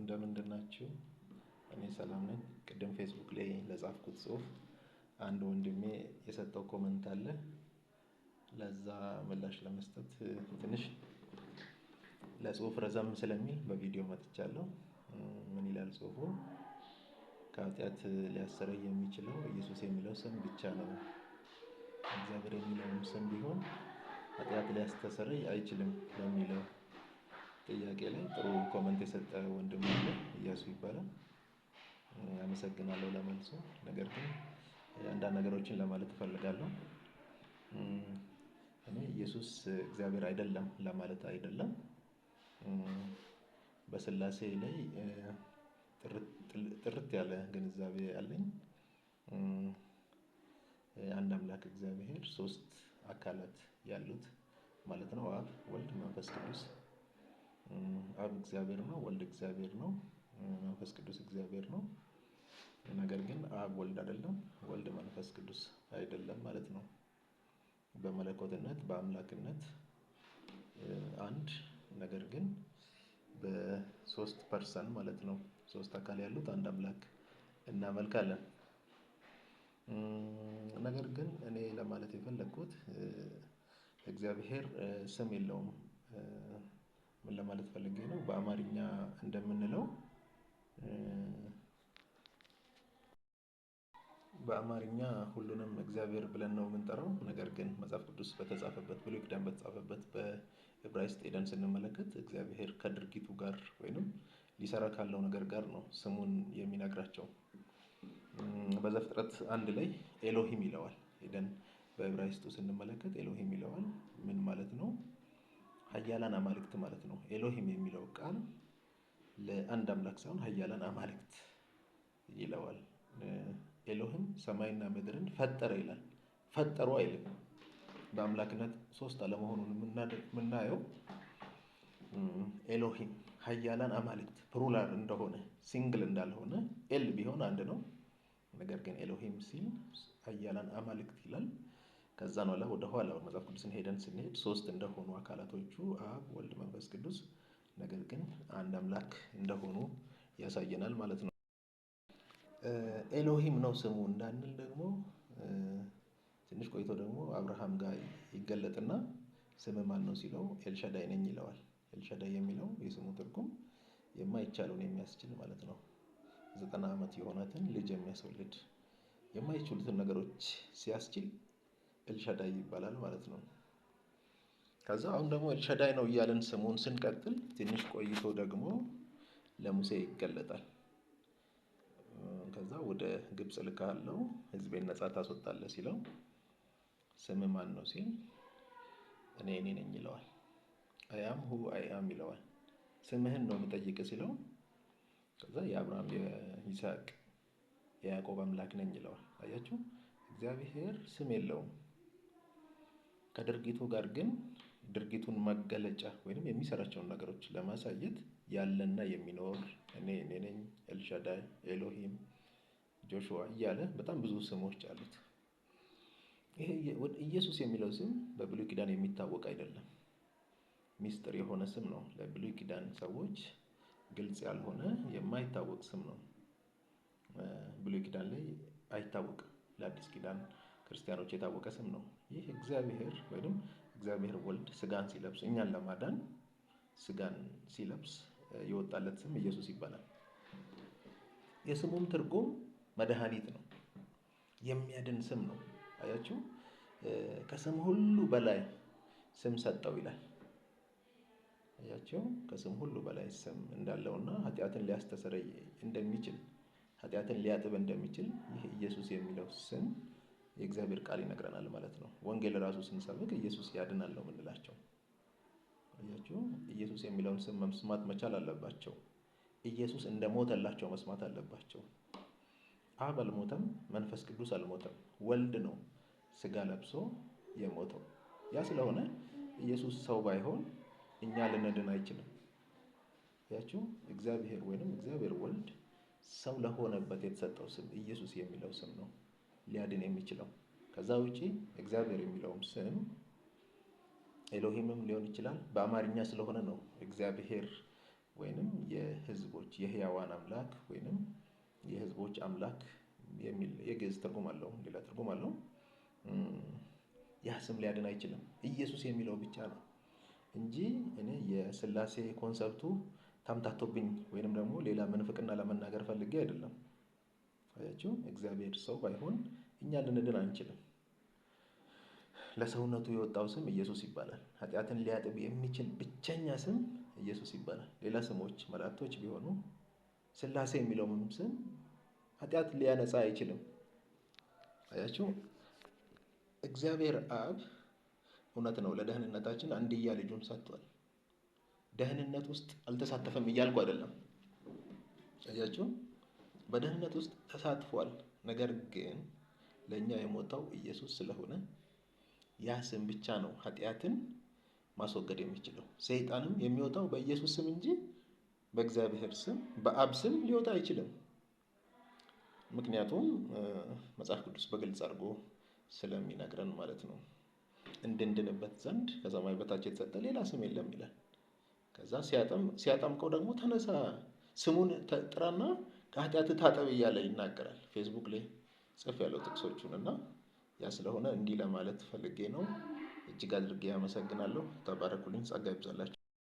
እንደምንድን ናችሁ? እኔ ሰላም ነኝ። ቅድም ፌስቡክ ላይ ለጻፍኩት ጽሁፍ አንድ ወንድሜ የሰጠው ኮመንት አለ። ለዛ ምላሽ ለመስጠት ትንሽ ለጽሁፍ ረዘም ስለሚል በቪዲዮ መጥቻለሁ። ምን ይላል ጽሁፉ? ከኃጢአት ሊያሰረይ የሚችለው ኢየሱስ የሚለው ስም ብቻ ነው። እግዚአብሔር የሚለውም ስም ቢሆን ኃጢአት ሊያስተሰርይ አይችልም ለሚለው ጥያቄ ላይ ጥሩ ኮመንት የሰጠ ወንድም አለ እያሱ ይባላል። አመሰግናለሁ ለመልሶ። ነገር ግን አንዳንድ ነገሮችን ለማለት እፈልጋለሁ። እኔ ኢየሱስ እግዚአብሔር አይደለም ለማለት አይደለም። በስላሴ ላይ ጥርት ያለ ግንዛቤ አለኝ። አንድ አምላክ እግዚአብሔር ሶስት አካላት ያሉት ማለት ነው። አብ፣ ወልድ፣ መንፈስ ቅዱስ አብ እግዚአብሔር ነው፣ ወልድ እግዚአብሔር ነው፣ መንፈስ ቅዱስ እግዚአብሔር ነው። ነገር ግን አብ ወልድ አይደለም፣ ወልድ መንፈስ ቅዱስ አይደለም ማለት ነው። በመለኮትነት በአምላክነት አንድ ነገር ግን በሶስት ፐርሰን ማለት ነው። ሶስት አካል ያሉት አንድ አምላክ እናመልካለን። ነገር ግን እኔ ለማለት የፈለግኩት እግዚአብሔር ስም የለውም ምን ለማለት ፈልጌ ነው? በአማርኛ እንደምንለው በአማርኛ ሁሉንም እግዚአብሔር ብለን ነው የምንጠራው። ነገር ግን መጽሐፍ ቅዱስ በተጻፈበት ብሉይ ኪዳን በተጻፈበት በዕብራይስጥ ኤደን ስንመለከት እግዚአብሔር ከድርጊቱ ጋር ወይም ሊሰራ ካለው ነገር ጋር ነው ስሙን የሚነግራቸው። በዘፍጥረት አንድ ላይ ኤሎሂም ይለዋል። ሄደን በዕብራይስጡ ስንመለከት ኤሎሂም ይለዋል። ምን ማለት ነው? ሀያላን አማልክት ማለት ነው። ኤሎሂም የሚለው ቃል ለአንድ አምላክ ሳይሆን ሀያላን አማልክት ይለዋል። ኤሎሂም ሰማይና ምድርን ፈጠረ ይላል። ፈጠሩ አይልም። በአምላክነት ሶስት አለመሆኑን የምናየው ኤሎሂም ሀያላን አማልክት ፕሉራል እንደሆነ ሲንግል እንዳልሆነ ኤል ቢሆን አንድ ነው። ነገር ግን ኤሎሂም ሲል ሀያላን አማልክት ይላል። ከዛን ኋላ ወደ ኋላ መጽሐፍ ቅዱስን ሄደን ስንሄድ ሶስት እንደሆኑ አካላቶቹ አብ ወልድ መንፈስ ቅዱስ ነገር ግን አንድ አምላክ እንደሆኑ ያሳየናል ማለት ነው። ኤሎሂም ነው ስሙ እንዳንል ደግሞ ትንሽ ቆይቶ ደግሞ አብርሃም ጋር ይገለጥና ስም ማን ነው ሲለው ኤልሻዳይ ነኝ ይለዋል። ኤልሻዳይ የሚለው የስሙ ትርጉም የማይቻለውን የሚያስችል ማለት ነው። ዘጠና ዓመት የሆናትን ልጅ የሚያስወልድ የማይችሉትን ነገሮች ሲያስችል ኤልሻዳይ ይባላል ማለት ነው። ከዛ አሁን ደግሞ ኤልሻዳይ ነው እያለን ስሙን ስንቀጥል ትንሽ ቆይቶ ደግሞ ለሙሴ ይገለጣል። ከዛ ወደ ግብፅ ልካለው ህዝቤን ነጻ ታስወጣለ ሲለው ስም ማን ነው ሲል እኔ እኔ ነኝ ይለዋል። አያም ሁ አያም ይለዋል። ስምህን ነው የምጠይቅ ሲለው ከዛ የአብርሃም የይስሐቅ የያዕቆብ አምላክ ነኝ ይለዋል። አያችሁ እግዚአብሔር ስም የለውም። ከድርጊቱ ጋር ግን ድርጊቱን መገለጫ ወይም የሚሰራቸውን ነገሮች ለማሳየት ያለና የሚኖር እኔ እኔ ነኝ ኤልሻዳይ ኤሎሂም ጆሹዋ እያለ በጣም ብዙ ስሞች አሉት። ይሄ ኢየሱስ የሚለው ስም በብሉይ ኪዳን የሚታወቅ አይደለም። ሚስጥር የሆነ ስም ነው። ለብሉይ ኪዳን ሰዎች ግልጽ ያልሆነ የማይታወቅ ስም ነው። ብሉይ ኪዳን ላይ አይታወቅም። ለአዲስ ኪዳን ክርስቲያኖች የታወቀ ስም ነው። ይህ እግዚአብሔር ወይም እግዚአብሔር ወልድ ስጋን ሲለብስ እኛን ለማዳን ስጋን ሲለብስ የወጣለት ስም ኢየሱስ ይባላል። የስሙም ትርጉም መድኃኒት ነው። የሚያድን ስም ነው። አያችሁ፣ ከስም ሁሉ በላይ ስም ሰጠው ይላል። አያችሁ፣ ከስም ሁሉ በላይ ስም እንዳለውና ኃጢአትን ሊያስተሰረይ እንደሚችል ኃጢአትን ሊያጥብ እንደሚችል ይህ ኢየሱስ የሚለው ስም የእግዚአብሔር ቃል ይነግረናል ማለት ነው። ወንጌል ራሱ ስንሰብክ ኢየሱስ ያድናል ነው የምንላቸው። አያችሁ፣ ኢየሱስ የሚለውን ስም መስማት መቻል አለባቸው። ኢየሱስ እንደ ሞተላቸው መስማት አለባቸው። አብ አልሞተም፣ መንፈስ ቅዱስ አልሞተም። ወልድ ነው ስጋ ለብሶ የሞተው። ያ ስለሆነ ኢየሱስ ሰው ባይሆን እኛ ልንድን አይችልም። ያችሁ እግዚአብሔር ወይንም እግዚአብሔር ወልድ ሰው ለሆነበት የተሰጠው ስም ኢየሱስ የሚለው ስም ነው። ሊያድን የሚችለው። ከዛ ውጪ እግዚአብሔር የሚለውም ስም ኤሎሂምም ሊሆን ይችላል። በአማርኛ ስለሆነ ነው እግዚአብሔር ወይንም የህዝቦች የህያዋን አምላክ ወይንም የህዝቦች አምላክ የሚል የግዕዝ ትርጉም አለው፣ ሌላ ትርጉም አለው። ያ ስም ሊያድን አይችልም። ኢየሱስ የሚለው ብቻ ነው እንጂ እኔ የስላሴ ኮንሰብቱ ታምታቶብኝ ወይንም ደግሞ ሌላ ምንፍቅና ለመናገር ፈልጌ አይደለም። አያችሁ፣ እግዚአብሔር ሰው ባይሆን እኛ ልንድን አንችልም። ለሰውነቱ የወጣው ስም ኢየሱስ ይባላል። ኃጢአትን ሊያጥብ የሚችል ብቸኛ ስም ኢየሱስ ይባላል። ሌላ ስሞች መላእክቶች ቢሆኑ ስላሴ የሚለውም ስም ኃጢአት ሊያነጻ አይችልም። አያችሁ እግዚአብሔር አብ እውነት ነው፣ ለደህንነታችን አንድያ ልጁን ሰጥቷል። ደህንነት ውስጥ አልተሳተፈም እያልኩ አይደለም። አያችሁ በደህንነት ውስጥ ተሳትፏል። ነገር ግን ለእኛ የሞተው ኢየሱስ ስለሆነ ያ ስም ብቻ ነው ኃጢአትን ማስወገድ የሚችለው። ሰይጣንም የሚወጣው በኢየሱስ ስም እንጂ በእግዚአብሔር ስም በአብ ስም ሊወጣ አይችልም። ምክንያቱም መጽሐፍ ቅዱስ በግልጽ አድርጎ ስለሚነግረን ማለት ነው። እንድንድንበት ዘንድ ከሰማይ በታች የተሰጠ ሌላ ስም የለም ይላል። ከዛ ሲያጠምቀው ደግሞ ተነሳ ስሙን ጥራና ከኃጢአት ታጠብ እያለ ይናገራል። ፌስቡክ ላይ ጽፍ ያለው ጥቅሶቹን እና ያ ስለሆነ እንዲህ ለማለት ፈልጌ ነው። እጅግ አድርጌ ያመሰግናለሁ። ተባረኩልኝ። ጸጋ ይብዛላችሁ።